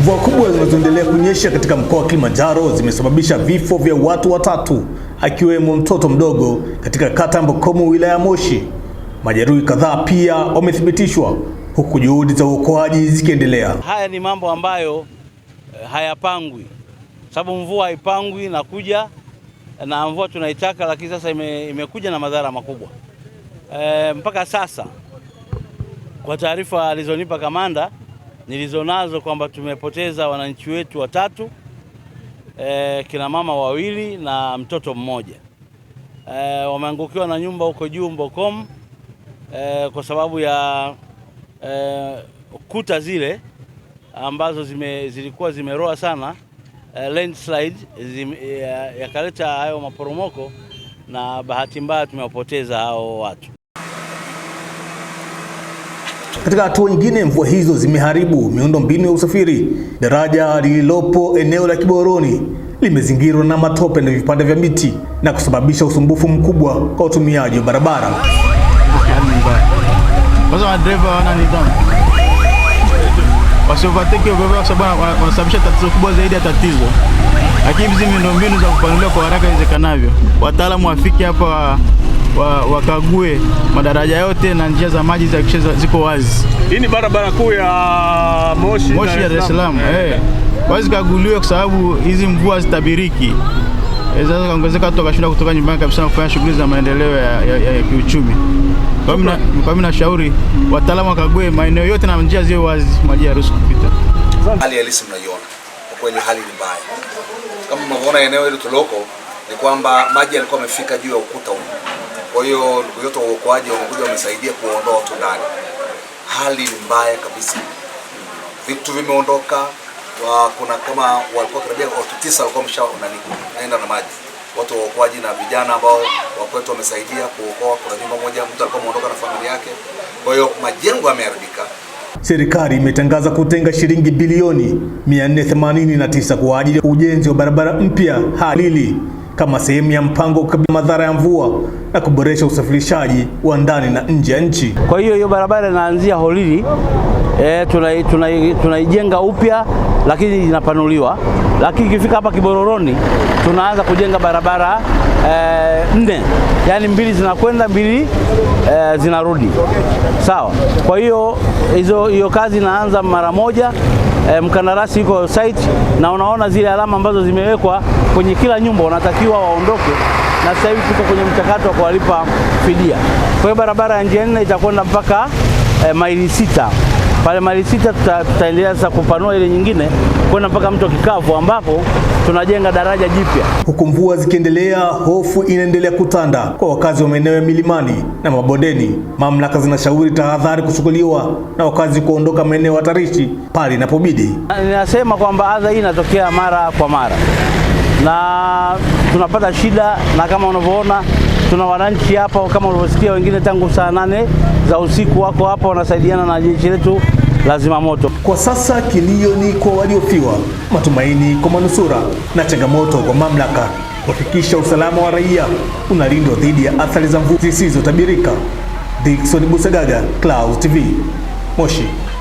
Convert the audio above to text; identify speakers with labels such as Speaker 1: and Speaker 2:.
Speaker 1: Mvua kubwa zinazoendelea kunyesha katika mkoa wa Kilimanjaro zimesababisha vifo vya watu watatu akiwemo mtoto mdogo katika kata ya Mbokomo wilaya ya Moshi. Majeruhi kadhaa pia wamethibitishwa huku juhudi za uokoaji zikiendelea.
Speaker 2: Haya ni mambo ambayo eh, hayapangwi, sababu mvua haipangwi na kuja na mvua tunaitaka, lakini sasa ime, imekuja na madhara makubwa e, mpaka sasa kwa taarifa alizonipa kamanda nilizonazo kwamba tumepoteza wananchi wetu watatu e, kina mama wawili na mtoto mmoja e, wameangukiwa na nyumba huko juu Mbokom e, kwa sababu ya e, kuta zile ambazo zime, zilikuwa zimeroa sana Eh, landslide eh, yakaleta hayo maporomoko, na bahati mbaya tumewapoteza hao watu.
Speaker 1: Katika hatua nyingine, mvua hizo zimeharibu miundo mbinu ya usafiri. Daraja lililopo eneo la Kiboroni limezingirwa na matope na vipande vya miti na kusababisha usumbufu mkubwa kwa utumiaji wa barabara
Speaker 3: usiovateki ovyoovyo kwa sababu wanasababisha tatizo kubwa zaidi ya tatizo. Lakini hizi miundombinu za kupanuliwa kwa haraka iwezekanavyo, wataalamu wafike hapa wakague wa, wa madaraja yote na njia za maji zihakikishe ziko wazi.
Speaker 4: Hii ni barabara kuu ya Moshi,
Speaker 3: Moshi ya Dar es Salaam eh, wazikaguliwe kwa sababu hizi mvua zitabiriki eh, sasa kaongezeka watu wakashinda kutoka nyumbani kabisa na kufanya shughuli za maendeleo ya, ya, ya kiuchumi. Kwa mimi nashauri wataalamu wakague maeneo yote na njia ziwe wazi maji yaruhusu kupita.
Speaker 5: Hali halisi mnaiona kwa kweli, hali ni mbaya. Kama mnavyoona eneo hilo tuloko ni kwamba maji yalikuwa yamefika juu ya ukuta huu, kwa hiyo ndugu yote wa uokoaji wamekuja wamesaidia kuondoa watu ndani. Hali ni mbaya kabisa, vitu vimeondoka. Kuna kama walikuwa karibia watu tisa walikuwa mshaenda na maji watu wa uokoaji na vijana ambao wakwetu wamesaidia kuokoa. Kuna nyumba moja mtu alikuwa ameondoka na familia yake, kwa hiyo majengo yameharibika.
Speaker 1: Serikali imetangaza kutenga shilingi bilioni 489 kwa ajili ya ujenzi wa barabara mpya Halili kama sehemu ya mpango wa kukabili madhara ya mvua na kuboresha usafirishaji wa ndani na nje ya nchi.
Speaker 2: Kwa hiyo hiyo barabara inaanzia Holili e, tunaijenga tuna, tuna upya lakini inapanuliwa, lakini ikifika hapa Kibororoni tunaanza kujenga barabara e, nne, yaani mbili zinakwenda mbili e, zinarudi sawa. Kwa hiyo hizo hiyo kazi inaanza mara moja. E, mkandarasi yuko site na unaona zile alama ambazo zimewekwa kwenye kila nyumba wanatakiwa waondoke, na sasa hivi tuko kwenye mchakato wa kuwalipa fidia. Kwa hiyo barabara ya njia nne itakwenda mpaka eh, maili sita pale maili sita tutaendelea sasa kupanua ile nyingine kwenda mpaka mto Kikavu ambapo tunajenga daraja jipya.
Speaker 1: Huku mvua zikiendelea, hofu inaendelea kutanda kwa wakazi wa maeneo ya milimani na mabondeni. Mamlaka zinashauri tahadhari kuchukuliwa na wakazi kuondoka maeneo hatarishi pale inapobidi.
Speaker 2: Ninasema kwamba adha hii inatokea mara kwa mara na tunapata shida, na kama unavyoona tuna wananchi hapa, kama ulivyosikia, wengine tangu saa nane za usiku wako hapa wanasaidiana na jeshi letu la zimamoto.
Speaker 1: Kwa sasa kilio ni kwa waliofiwa, matumaini kwa manusura na changamoto kwa mamlaka kuhakikisha usalama wa raia unalindwa dhidi ya athari za mvua zisizotabirika. Dickson Busagaga, Clouds TV, Moshi.